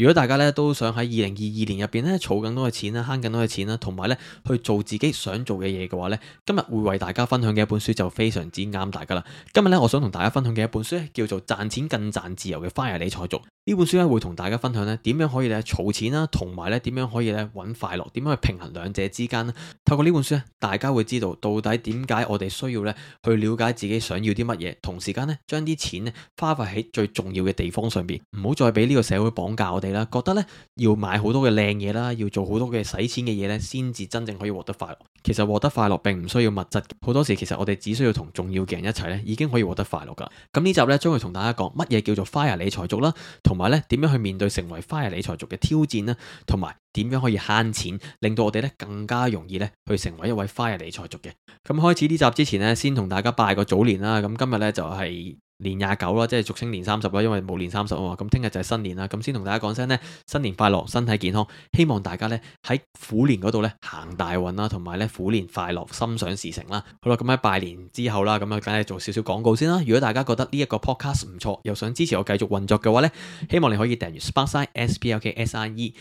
如果大家咧都想喺二零二二年入邊咧儲更多嘅錢啦慳更多嘅錢啦，同埋咧去做自己想做嘅嘢嘅話咧，今日會為大家分享嘅一本書就非常之啱大家啦。今日咧，我想同大家分享嘅一本書咧叫做賺錢更賺自由嘅 FIRE 理財族。呢本書咧會同大家分享咧點樣可以咧儲錢啦，同埋咧點樣可以咧揾快樂，點樣去平衡兩者之間咧。透過呢本書咧，大家會知道到底點解我哋需要咧去了解自己想要啲乜嘢，同時間咧將啲錢咧花費喺最重要嘅地方上邊，唔好再俾呢個社會綁架我哋啦。覺得咧要買好多嘅靚嘢啦，要做好多嘅使錢嘅嘢咧，先至真正可以獲得快樂。其實獲得快樂並唔需要物質，好多時其實我哋只需要同重要嘅人一齊咧，已經可以獲得快樂㗎。咁呢集咧，將會同大家講乜嘢叫做 fire 理財族啦，同埋咧點樣去面對成為 fire 理財族嘅挑戰啦，同埋。點樣可以慳錢，令到我哋咧更加容易咧去成為一位花日理財族嘅？咁開始呢集之前咧，先同大家拜個早年啦。咁今日呢，就係年廿九啦，即係俗稱年三十啦，因為冇年三十啊嘛。咁聽日就係新年啦。咁先同大家講聲咧，新年快樂，身體健康，希望大家呢，喺虎年嗰度咧行大運啦，同埋咧虎年快樂，心想事成啦。好啦，咁喺拜年之後啦，咁啊梗係做少少廣告先啦。如果大家覺得呢一個 podcast 唔錯，又想支持我繼續運作嘅話咧，希望你可以訂閱 Sparksine S P A R K S I N E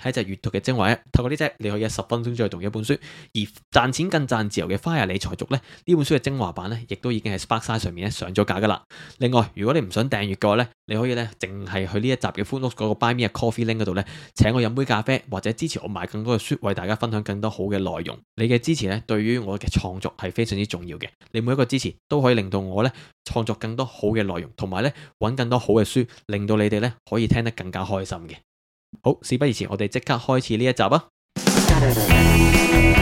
係一隻閱讀嘅精華咧，透過呢隻你可以十分鐘左右讀一本書，而賺錢更賺自由嘅花兒理財族咧，呢本書嘅精華版咧，亦都已經喺 Spotify 上面咧上咗架噶啦。另外，如果你唔想訂閱嘅話咧，你可以咧淨係去呢一集嘅 Facebook 嗰個 Buy Me a Coffee Link 度咧，請我飲杯咖啡，或者支持我買更多嘅書，為大家分享更多好嘅內容。你嘅支持咧，對於我嘅創作係非常之重要嘅。你每一個支持都可以令到我咧創作更多好嘅內容，同埋咧揾更多好嘅書，令到你哋咧可以聽得更加開心嘅。好，事不宜遲，我哋即刻開始呢一集啊！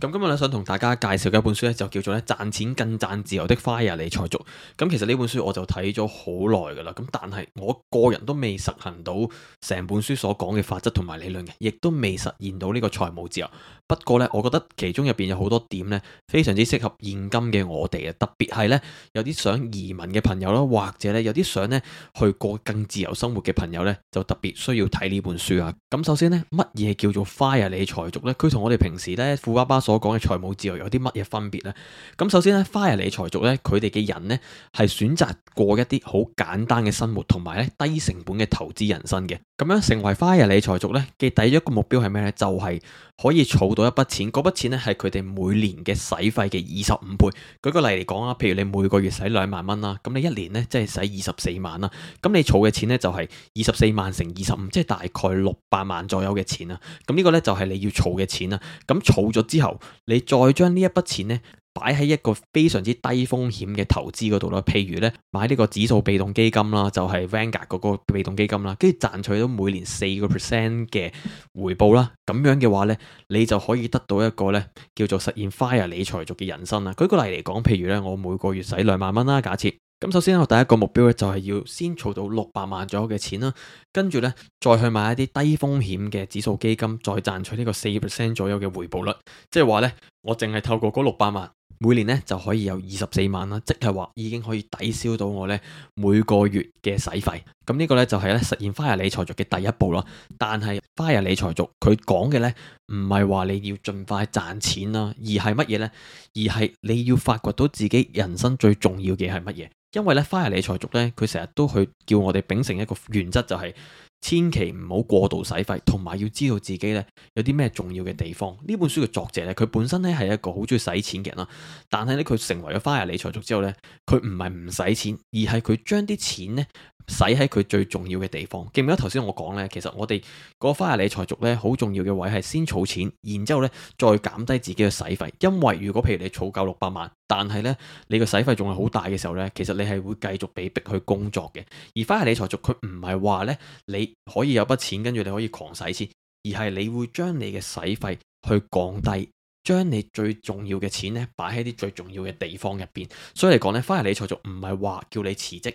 咁今日咧，想同大家介紹嘅一本書咧就叫做咧賺錢更賺自由的 fire 理財族。咁其實呢本書我就睇咗好耐噶啦，咁但係我個人都未實行到成本書所講嘅法則同埋理論嘅，亦都未實現到呢個財務自由。不過呢我覺得其中入邊有好多點呢非常之適合現今嘅我哋啊，特別係呢有啲想移民嘅朋友啦，或者呢有啲想呢去過更自由生活嘅朋友呢，就特別需要睇呢本書啊。咁首先呢乜嘢叫做 fire 理財族呢？佢同我哋平時呢富爸爸。所講嘅財務自由有啲乜嘢分別呢？咁首先咧 FIRE 理財族咧，佢哋嘅人呢，係選擇過一啲好簡單嘅生活，同埋咧低成本嘅投資人生嘅。咁樣成為 FIRE 理財族呢，嘅第一個目標係咩呢？就係、是、可以儲到一筆錢，嗰筆錢咧係佢哋每年嘅使費嘅二十五倍。舉個例嚟講啊，譬如你每個月使兩萬蚊啦，咁你一年呢，即係使二十四萬啦，咁你儲嘅錢呢，就係二十四萬乘二十五，即係大概六百萬左右嘅錢啊。咁呢個呢，就係、是、你要儲嘅錢啊。咁儲咗之後。你再將呢一筆錢呢擺喺一個非常之低風險嘅投資嗰度啦，譬如呢，買呢個指數被動基金啦，就係 Vanguard 嗰個被動基金啦，跟住賺取到每年四個 percent 嘅回報啦，咁樣嘅話呢，你就可以得到一個呢叫做實現 fire 理財族嘅人生啦。舉個例嚟講，譬如呢，我每個月使兩萬蚊啦，假設。咁首先我第一個目標咧就係要先儲到六百萬左右嘅錢啦，跟住呢，再去買一啲低風險嘅指數基金，再賺取呢個四 percent 左右嘅回報率，即係話呢，我淨係透過嗰六百萬，每年呢就可以有二十四萬啦，即係話已經可以抵消到我呢每個月嘅使費。咁呢個呢，就係咧實現 FIRE 理財族嘅第一步啦。但係 FIRE 理財族佢講嘅呢唔係話你要盡快賺錢啦，而係乜嘢呢？而係你要發掘到自己人生最重要嘅係乜嘢？因為咧，花日理財族咧，佢成日都去叫我哋秉承一個原則，就係，就係千祈唔好過度使費，同埋要知道自己咧有啲咩重要嘅地方。呢本書嘅作者咧，佢本身咧係一個好中意使錢嘅人啦，但係咧佢成為咗花日理財族之後咧，佢唔係唔使錢，而係佢將啲錢咧使喺佢最重要嘅地方。記唔記得頭先我講咧，其實我哋個花日理財族咧好重要嘅位係先儲錢，然之後咧再減低自己嘅使費。因為如果譬如你儲夠六百萬。但係呢，你個使費仲係好大嘅時候呢，其實你係會繼續被逼去工作嘅。而花式理財族佢唔係話呢，你可以有筆錢跟住你可以狂使錢，而係你會將你嘅使費去降低，將你最重要嘅錢呢擺喺啲最重要嘅地方入邊。所以嚟講呢，花式理財族唔係話叫你辭職，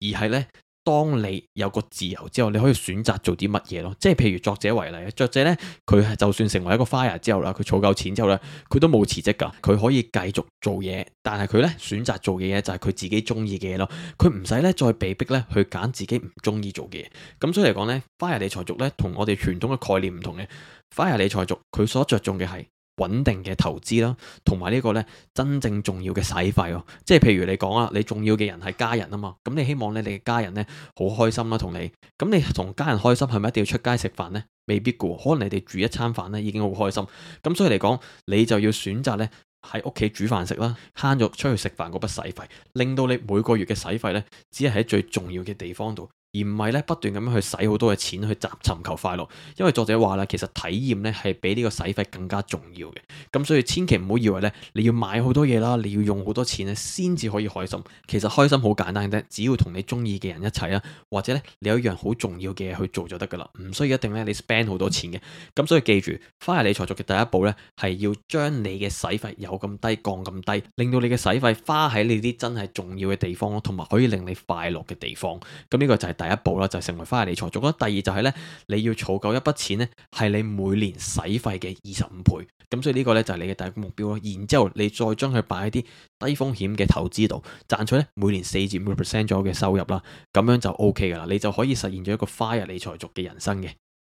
而係呢。當你有個自由之後，你可以選擇做啲乜嘢咯。即係譬如作者為例，作者呢，佢係就算成為一個 fire 之後啦，佢儲夠錢之後咧，佢都冇辭職噶，佢可以繼續做嘢。但係佢呢選擇做嘅嘢就係佢自己中意嘅嘢咯。佢唔使呢再被逼呢去揀自己唔中意做嘅嘢。咁所以嚟講呢，fire 理財族呢，同我哋傳統嘅概念唔同嘅，fire 理財族佢所着重嘅係。穩定嘅投資啦，同埋呢個呢，真正重要嘅使費喎，即係譬如你講啊，你重要嘅人係家人啊嘛，咁你希望呢你嘅家人呢好開心啦同你，咁你同家人開心係咪一定要出街食飯呢？未必㗎，可能你哋煮一餐飯呢已經好開心，咁所以嚟講，你就要選擇呢喺屋企煮飯食啦，慳咗出去食飯嗰筆使費，令到你每個月嘅使費呢只係喺最重要嘅地方度。而唔係咧不斷咁樣去使好多嘅錢去尋尋求快樂，因為作者話啦，其實體驗咧係比呢個使費更加重要嘅。咁所以千祈唔好以為咧你要買好多嘢啦，你要用好多錢咧先至可以開心。其實開心好簡單嘅啫，只要同你中意嘅人一齊啦，或者咧你有一樣好重要嘅嘢去做就得噶啦，唔需要一定咧你 spend 好多錢嘅。咁所以記住，花係理財作嘅第一步咧，係要將你嘅使費有咁低降咁低，令到你嘅使費花喺你啲真係重要嘅地方，同埋可以令你快樂嘅地方。咁呢個就係第。第一步啦，就成為花日理財族。第二就係咧，你要儲夠一筆錢咧，係你每年使費嘅二十五倍。咁所以呢個咧就係你嘅第一個目標咯。然之後你再將佢擺喺啲低風險嘅投資度，賺取咧每年四至五個 percent 左右嘅收入啦，咁樣就 OK 噶啦，你就可以實現咗一個花日理財族嘅人生嘅。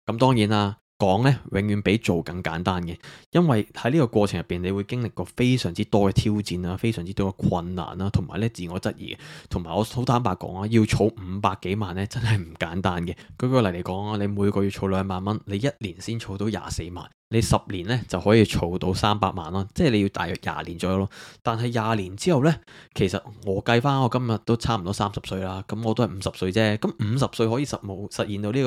咁當然啦。講咧永遠比做更簡單嘅，因為喺呢個過程入邊你會經歷過非常之多嘅挑戰啊，非常之多嘅困難啦，同埋咧自我質疑啊，同埋我好坦白講啊，要儲五百幾萬咧真係唔簡單嘅。舉個例嚟講啊，你每個月儲兩萬蚊，你一年先儲到廿四萬。你十年咧就可以儲到三百萬咯，即係你要大約廿年左右咯。但係廿年之後呢，其實我計翻我今日都差唔多三十歲啦，咁我都係五十歲啫。咁五十歲可以實冇實現到呢、呢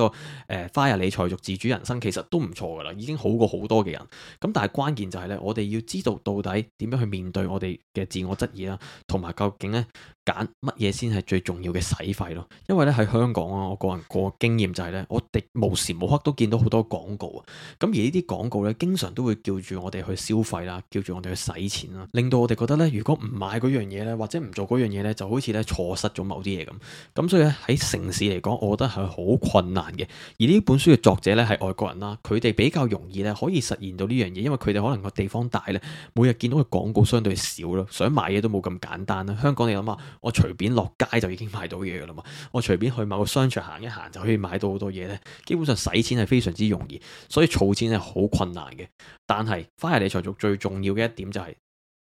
個誒，花、呃、日理財族自主人生，其實都唔錯噶啦，已經好過好多嘅人。咁但係關鍵就係呢，我哋要知道到底點樣去面對我哋嘅自我質疑啦，同埋究竟呢揀乜嘢先係最重要嘅使費咯。因為呢，喺香港啊，我個人我個經驗就係、係、呢，我哋無時無刻都見到好多廣告啊。咁而呢啲廣告咧，經常都會叫住我哋去消費啦，叫住我哋去使錢啦，令到我哋覺得咧，如果唔買嗰樣嘢咧，或者唔做嗰樣嘢咧，就好似咧錯失咗某啲嘢咁。咁所以咧喺城市嚟講，我覺得係好困難嘅。而呢本書嘅作者咧係外國人啦，佢哋比較容易咧可以實現到呢樣嘢，因為佢哋可能個地方大咧，每日見到嘅廣告相對少咯，想買嘢都冇咁簡單啦。香港你諗下，我隨便落街就已經買到嘢啦嘛，我隨便去某個商場行一行就可以買到好多嘢咧。基本上使錢係非常之容易，所以儲錢係好困難。困難嘅，但係花兒理財族最重要嘅一點就係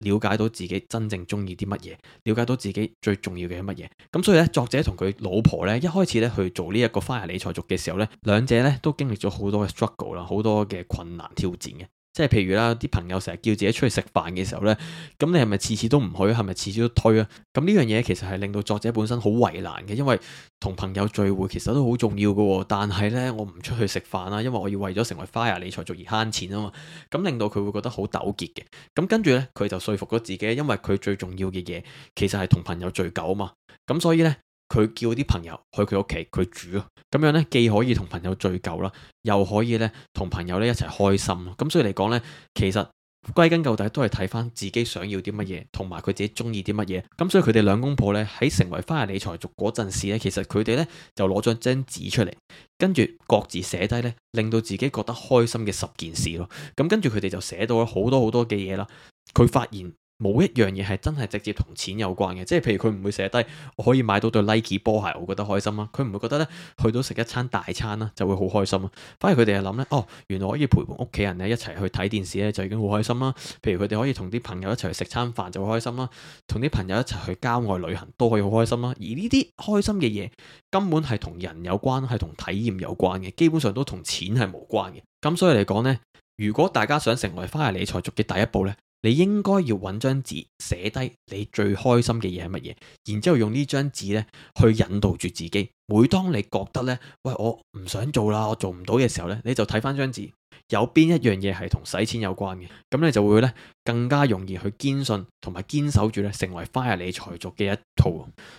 了解到自己真正中意啲乜嘢，了解到自己最重要嘅係乜嘢。咁所以咧，作者同佢老婆咧，一開始咧去做呢一個花兒理財族嘅時候咧，兩者咧都經歷咗好多嘅 struggle 啦，好多嘅困難挑戰嘅。即係譬如啦，啲朋友成日叫自己出去食飯嘅時候呢，咁你係咪次次都唔去，係咪次次都推啊？咁呢樣嘢其實係令到作者本身好為難嘅，因為同朋友聚會其實都好重要噶，但係呢，我唔出去食飯啦，因為我要為咗成為 Fire 理財族而慳錢啊嘛，咁令到佢會覺得好糾結嘅。咁跟住呢，佢就說服咗自己，因為佢最重要嘅嘢其實係同朋友聚舊啊嘛，咁所以呢。佢叫啲朋友去佢屋企，佢煮咯，咁樣咧既可以同朋友聚舊啦，又可以呢，同朋友呢一齊開心咯。咁所以嚟講呢，其實歸根究底都係睇返自己想要啲乜嘢，同埋佢自己中意啲乜嘢。咁所以佢哋兩公婆呢，喺成為花日理財族嗰陣時咧，其實佢哋呢，就攞張張紙出嚟，跟住各自寫低呢，令到自己覺得開心嘅十件事咯。咁跟住佢哋就寫到好多好多嘅嘢啦。佢發現，冇一樣嘢係真係直接同錢有關嘅，即係譬如佢唔會寫低可以買到對 Nike 波鞋，我覺得開心啦。佢唔會覺得呢，去到食一餐大餐啦，就會好開心啦。反而佢哋係諗呢：哦，原來可以陪伴屋企人呢一齊去睇電視呢，就已經好開心啦。譬如佢哋可以同啲朋友一齊去食餐飯就會開心啦，同啲朋友一齊去郊外旅行都可以好開心啦。而呢啲開心嘅嘢根本係同人有關，係同體驗有關嘅，基本上都同錢係無關嘅。咁所以嚟講呢，如果大家想成為花兒理財族嘅第一步呢，你應該要搵張紙寫低你最開心嘅嘢係乜嘢，然之後用呢張紙去引導住自己。每當你覺得咧，喂，我唔想做啦，我做唔到嘅時候咧，你就睇返張紙。有邊一樣嘢係同使錢有關嘅，咁你就會呢更加容易去堅信同埋堅守住呢成為花日理財族嘅一套。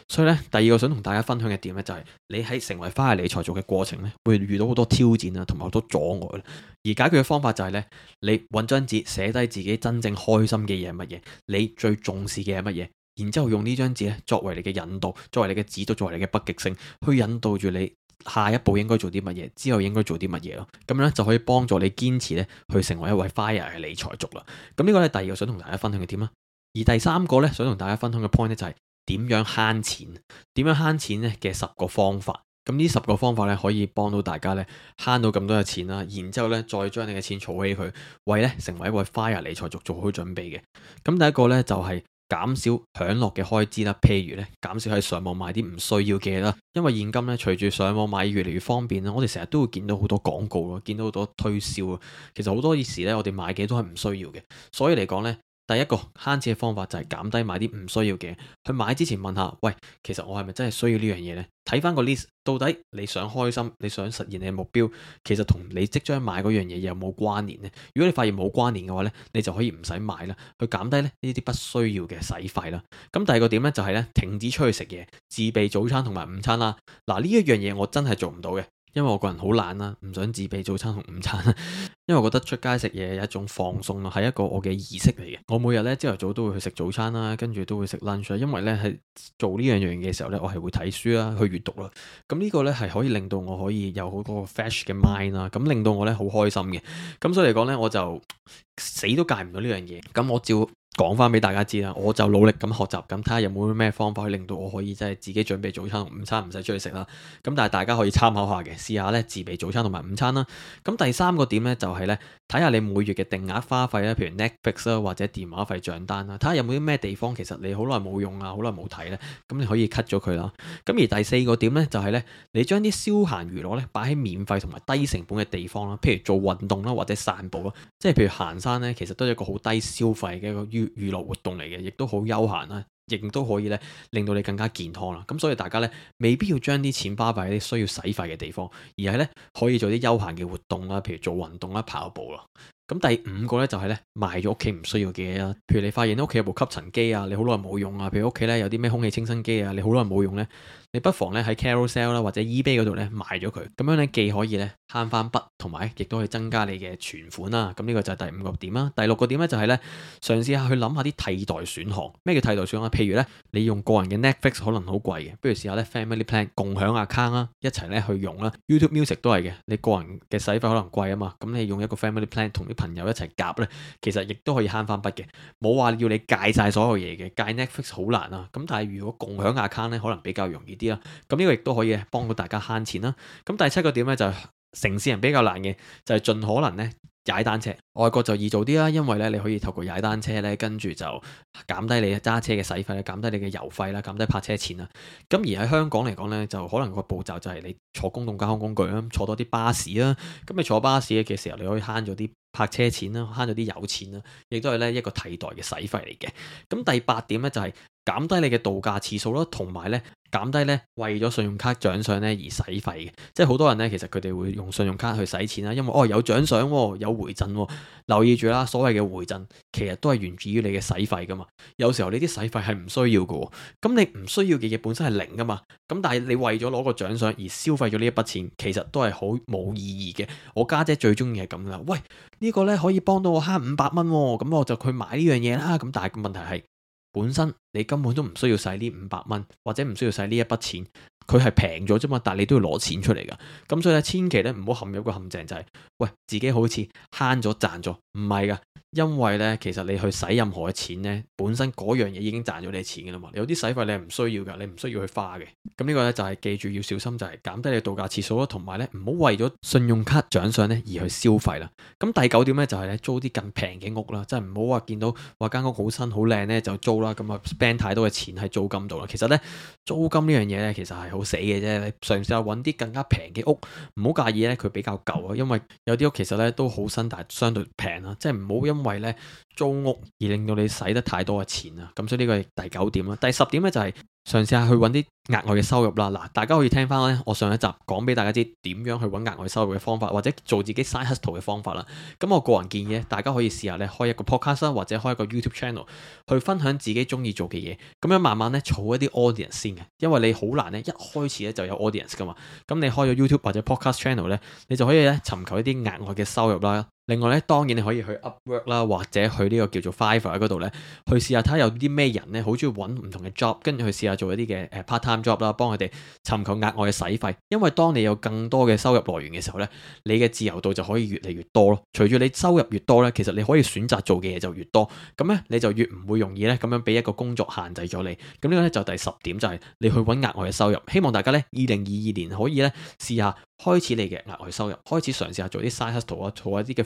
所以呢，第二個想同大家分享嘅點呢，就係，你喺成為花日理財族嘅過程呢，會遇到好多挑戰啊，同埋好多阻礙。而解決嘅方法就係呢：你搵張紙寫低自己真正開心嘅嘢，乜嘢，你最重視嘅係乜嘢，然之後用呢張紙呢作為你嘅引導，作為你嘅指導，作為你嘅北極星，去引導住你。下一步應該做啲乜嘢？之後應該做啲乜嘢咯？咁樣咧就可以幫助你堅持咧，去成為一位 fire 嘅理財族啦。咁呢個咧第二個想同大家分享嘅點啦。而第三個咧想同大家分享嘅 point 咧就係點樣慳錢？點樣慳錢咧嘅十個方法。咁呢十個方法咧可以幫到大家咧慳到咁多嘅錢啦。然之後咧再將你嘅錢儲起佢，為咧成為一位 fire 理財族做好準備嘅。咁第一個咧就係。減少享樂嘅開支啦，譬如咧減少喺上網買啲唔需要嘅嘢啦，因為現今咧隨住上網買越嚟越方便啦，我哋成日都會見到好多廣告咯，見到好多推銷啊，其實好多時咧我哋買嘅都係唔需要嘅，所以嚟講咧。第一個慳錢嘅方法就係減低買啲唔需要嘅，去買之前問下，喂，其實我係咪真係需要呢樣嘢呢？睇翻個 list，到底你想開心、你想實現你嘅目標，其實同你即將買嗰樣嘢有冇關聯呢？如果你發現冇關聯嘅話呢，你就可以唔使買啦，去減低呢呢啲不需要嘅使費啦。咁第二個點呢，就係呢停止出去食嘢，自備早餐同埋午餐啦。嗱呢一樣嘢我真係做唔到嘅。因為我個人好懶啦，唔想自備早餐同午餐，因為我覺得出街食嘢，有一種放鬆咯，係一個我嘅儀式嚟嘅。我每日咧朝頭早都會去食早餐啦，跟住都會食 lunch，因為咧係做呢樣嘢嘅時候咧，我係會睇書啦，去閱讀啦。咁呢個咧係可以令到我可以有好多 fresh 嘅 mind 啦，咁令到我咧好開心嘅。咁所以嚟講咧，我就死都戒唔到呢樣嘢。咁我照。講翻俾大家知啦，我就努力咁學習，咁睇下有冇咩方法去令到我可以真係自己準備早餐午餐唔使出去食啦。咁但係大家可以參考下嘅，試下咧自備早餐同埋午餐啦。咁第三個點咧就係咧睇下你每月嘅定額花費咧，譬如 Netflix 啦，或者電話費帳單啦，睇下有冇啲咩地方其實你好耐冇用啊，好耐冇睇咧，咁你可以 cut 咗佢啦。咁而第四個點咧就係、是、咧，你將啲消閒娛樂咧擺喺免費同埋低成本嘅地方啦，譬如做運動啦或者散步囉，即係譬如行山咧，其實都係一個好低消費嘅一個娛樂活動嚟嘅，亦都好休閒啦，亦都可以咧令到你更加健康啦。咁所以大家咧，未必要將啲錢花喺啲需要使費嘅地方，而係咧可以做啲休閒嘅活動啊，譬如做運動啊、跑步啦。咁第五個咧就係咧賣咗屋企唔需要嘅嘢啦，譬如你發現屋企有部吸塵機啊，你好耐冇用啊，譬如屋企咧有啲咩空氣清新機啊，你好耐冇用咧。你不妨咧喺 Carousel 啦或者 eBay 度咧賣咗佢，咁樣咧既可以咧慳翻筆，同埋亦都可以增加你嘅存款啦。咁呢個就係第五個點啦。第六個點咧就係咧嘗試下去諗下啲替代選項。咩叫替代選項？譬如咧你用個人嘅 Netflix 可能好貴嘅，不如試下咧 Family Plan 共享 account 啦，一齊咧去用啦。YouTube Music 都係嘅，你個人嘅使費可能貴啊嘛，咁你用一個 Family Plan 同啲朋友一齊夾咧，其實亦都可以慳翻筆嘅。冇話要你戒晒所有嘢嘅，戒 Netflix 好難啊。咁但係如果共享 account 咧，可能比較容易。啲啦，咁呢、嗯這個亦都可以幫到大家慳錢啦。咁、嗯、第七個點呢，就係、是、城市人比較難嘅，就係、是、盡可能呢踩單車。外國就易做啲啦，因為呢你可以透過踩單車呢，跟住就減低你揸車嘅使費啦，減低你嘅油費啦，減低泊車錢啦。咁、嗯、而喺香港嚟講呢，就可能個步驟就係你坐公共交通工具啦，坐多啲巴士啦。咁、嗯、你坐巴士嘅時候，你可以慳咗啲泊車錢啦，慳咗啲油錢啦，亦都係呢一個替代嘅使費嚟嘅。咁、嗯、第八點呢，就係、是、減低你嘅度假次數啦，同埋呢。減低咧，為咗信用卡獎賞咧而使費嘅，即係好多人咧，其實佢哋會用信用卡去使錢啦，因為哦有獎賞喎，有回贈喎。留意住啦，所謂嘅回贈其實都係源自於你嘅使費噶嘛。有時候呢啲使費係唔需要嘅，咁你唔需要嘅嘢本身係零噶嘛。咁但係你為咗攞個獎賞而消費咗呢一筆錢，其實都係好冇意義嘅。我家姐最中意係咁啦，喂，呢個咧可以幫到我慳五百蚊，咁我就去買呢樣嘢啦。咁但係個問題係。本身你根本都唔需要使呢五百蚊，或者唔需要使呢一筆錢。佢係平咗啫嘛，但係你都要攞錢出嚟㗎，咁所以咧千祈咧唔好陷入一個陷阱，就係，就係喂自己好似慳咗賺咗，唔係㗎，因為咧其實你去使任何嘅錢咧，本身嗰樣嘢已經賺咗你嘅錢㗎啦嘛，有啲使費你係唔需要㗎，你唔需要去花嘅，咁呢個咧就係、係、記住要小心，就係、係、減低你嘅度假次數啦，同埋咧唔好為咗信用卡獎賞咧而去消費啦。咁第九點咧就係咧租啲更平嘅屋啦，即係唔好話見到話間屋好新好靚咧就租啦，咁啊 spend 太多嘅錢喺租金度啦。其實咧租金呢樣嘢咧其實係好。死嘅啫，你嘗試下揾啲更加平嘅屋，唔好介意咧，佢比較舊啊，因為有啲屋其實咧都好新，但係相對平啦，即係唔好因為咧。租屋而令到你使得太多嘅錢啊，咁所以呢個係第九點啦。第十點咧就係嘗試下去揾啲額外嘅收入啦。嗱，大家可以聽翻咧，我上一集講俾大家知點樣去揾額外收入嘅方法，或者做自己 side hustle 嘅方法啦。咁我個人建議，大家可以試下咧開一個 podcast 或者開一個 YouTube channel 去分享自己中意做嘅嘢，咁樣慢慢咧儲一啲 audience 先嘅，因為你好難咧一開始咧就有 audience 噶嘛。咁你開咗 YouTube 或者 podcast channel 咧，你就可以咧尋求一啲額外嘅收入啦。另外咧，當然你可以去 Upwork 啦，或者去呢個叫做 Fiverr 嗰度咧，去試下睇下有啲咩人咧好中意揾唔同嘅 job，跟住去試下做一啲嘅 part-time job 啦，幫佢哋尋求額外嘅使費。因為當你有更多嘅收入來源嘅時候咧，你嘅自由度就可以越嚟越多咯。隨住你收入越多咧，其實你可以選擇做嘅嘢就越多，咁咧你就越唔會容易咧咁樣俾一個工作限制咗你。咁呢個咧就第十點就係你去揾額外嘅收入。希望大家咧，二零二二年可以咧試下開始你嘅額外收入，開始嘗試下做啲 side hustle 啊，做一啲嘅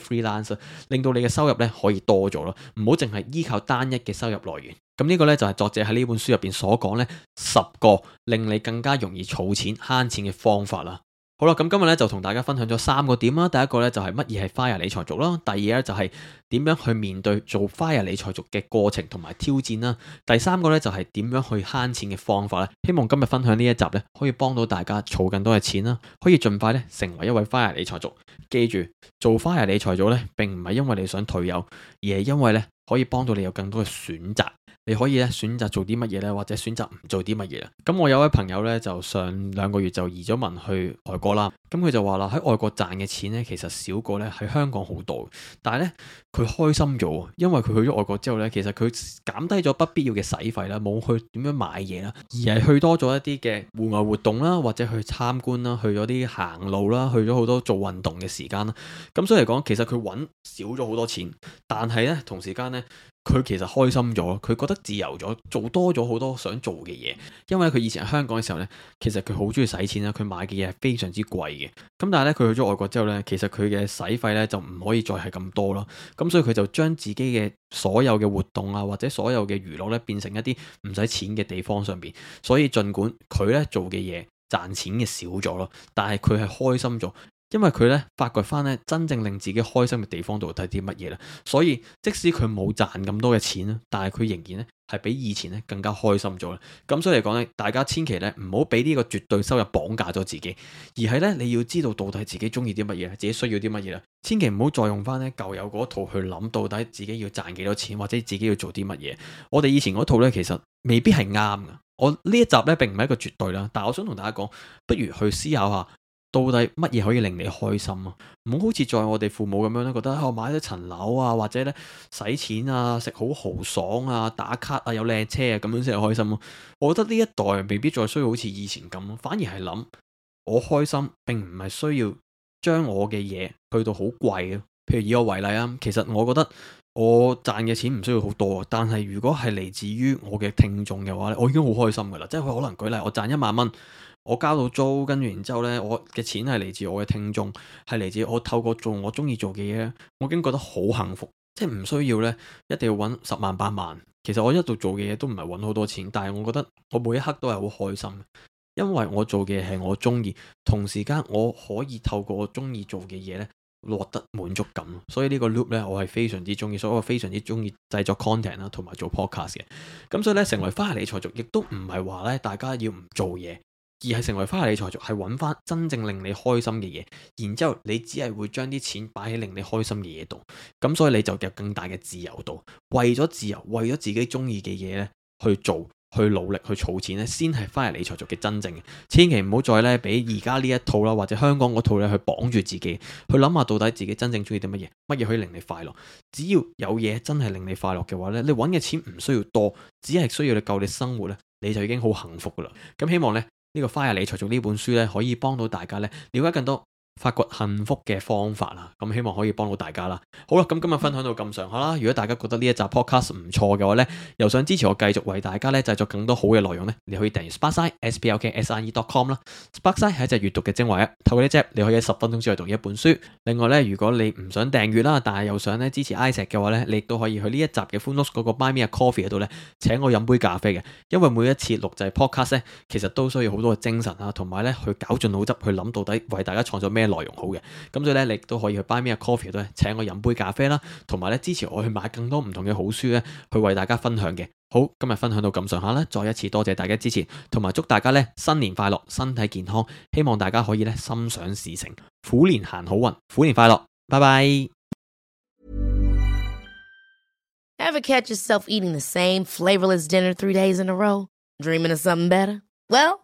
令到你嘅收入咧可以多咗咯，唔好淨係依靠單一嘅收入來源。咁呢個咧就係作者喺呢本書入邊所講咧，十個令你更加容易儲錢慳錢嘅方法啦。好啦，咁今日咧就同大家分享咗三個點啦。第一個咧就係乜嘢係 FIRE 理財族啦，第二咧就係點樣去面對做 FIRE 理財族嘅過程同埋挑戰啦。第三個咧就係點樣去慳錢嘅方法咧。希望今日分享呢一集咧可以幫到大家儲更多嘅錢啦，可以盡快咧成為一位 FIRE 理財族。記住，做 FIRE 理財族咧，並唔係因為你想退休，而係因為咧可以幫到你有更多嘅選擇。你可以咧選擇做啲乜嘢呢？或者選擇唔做啲乜嘢啦。咁我有位朋友呢，就上兩個月就移咗民去外國啦。咁佢就話啦，喺外國賺嘅錢呢，其實少過咧喺香港好多。但係呢，佢開心咗，因為佢去咗外國之後呢，其實佢減低咗不必要嘅使費啦，冇去點樣買嘢啦，而係去多咗一啲嘅戶外活動啦，或者去參觀啦，去咗啲行路啦，去咗好多做運動嘅時間啦。咁所以嚟講，其實佢搵少咗好多錢，但係呢，同時間呢……佢其實開心咗，佢覺得自由咗，做多咗好多想做嘅嘢。因為佢以前喺香港嘅時候呢，其實佢好中意使錢呀，佢買嘅嘢係非常之貴嘅。咁但係咧，佢去咗外國之後呢，其實佢嘅使費呢就唔可以再係咁多囉。咁所以佢就將自己嘅所有嘅活動啊，或者所有嘅娛樂呢，變成一啲唔使錢嘅地方上邊。所以儘管佢呢做嘅嘢賺錢嘅少咗咯，但係佢係開心咗。因為佢咧發掘翻咧真正令自己開心嘅地方到底係啲乜嘢啦，所以即使佢冇賺咁多嘅錢啦，但係佢仍然咧係比以前咧更加開心咗啦。咁所以嚟講咧，大家千祈咧唔好俾呢個絕對收入綁架咗自己，而係咧你要知道到底自己中意啲乜嘢，自己需要啲乜嘢啦。千祈唔好再用翻咧舊有嗰套去諗到底自己要賺幾多錢，或者自己要做啲乜嘢。我哋以前嗰套咧其實未必係啱㗎。我呢一集咧並唔係一個絕對啦，但係我想同大家講，不如去思考下。到底乜嘢可以令你開心啊？唔好好似在我哋父母咁樣咧，覺得、哎、我買咗層樓啊，或者咧使錢啊，食好豪爽啊，打卡啊，有靚車啊，咁樣先係開心咯、啊。我覺得呢一代未必再需要好似以前咁，反而係諗我開心，並唔係需要將我嘅嘢去到好貴嘅、啊。譬如以我為例啊，其實我覺得我賺嘅錢唔需要好多，但係如果係嚟自於我嘅聽眾嘅話咧，我已經好開心㗎喇。即係佢可能舉例，我賺一萬蚊。我交到租，跟住然之後呢，我嘅錢係嚟自我嘅聽眾，係嚟自我透過做我中意做嘅嘢，我已經覺得好幸福，即係唔需要呢一定要揾十萬八萬。其實我一路做嘅嘢都唔係揾好多錢，但係我覺得我每一刻都係好開心，因為我做嘅係我中意，同時間我可以透過我中意做嘅嘢呢，獲得滿足感。所以呢個 loop 呢，我係非常之中意，所以我非常之中意製作 content 啦，同埋做 podcast 嘅。咁所以呢，成為花日理財族，亦都唔係話呢大家要唔做嘢。而係成為花費理財族，係揾翻真正令你開心嘅嘢，然之後你只係會將啲錢擺喺令你開心嘅嘢度，咁所以你就有更大嘅自由度。為咗自由，為咗自己中意嘅嘢咧，去做，去努力，去儲錢咧，先係花費理財族嘅真正。千祈唔好再咧俾而家呢一套啦，或者香港嗰套咧去綁住自己。去諗下到底自己真正中意啲乜嘢，乜嘢可以令你快樂。只要有嘢真係令你快樂嘅話咧，你揾嘅錢唔需要多，只係需要你夠你生活咧，你就已經好幸福噶啦。咁希望咧～呢、這個《花式理財族》呢本書咧，可以幫到大家咧，了解更多。發掘幸福嘅方法啦，咁希望可以幫到大家啦。好啦，咁今日分享到咁上下啦。如果大家覺得呢一集 podcast 唔錯嘅話咧，又想支持我繼續為大家咧製作更多好嘅內容咧，你可以訂閱 s p a r s i d e s p l k s i e dot com 啦。s p a r s i 係一隻閱讀嘅精華啊，透過呢隻你可以喺十分鐘之內讀一本書。另外咧，如果你唔想訂閱啦，但係又想咧支持 i s a a c 嘅話咧，你亦都可以去呢一集嘅 Funus 嗰個 Buy Me a Coffee 度咧，請我飲杯咖啡嘅。因為每一次錄製 podcast 咧，其實都需要好多嘅精神啊，同埋咧去絞盡腦汁去諗到底為大家創造咩。內容好嘅，咁所以咧，你亦都可以去 Buy me a coffee 都請我飲杯咖啡啦，同埋咧支持我去買更多唔同嘅好書咧，去為大家分享嘅。好，今日分享到咁上下啦，再一次多謝大家支持，同埋祝大家咧新年快樂，身體健康，希望大家可以咧心想事成，虎年行好運，虎年快樂，拜拜。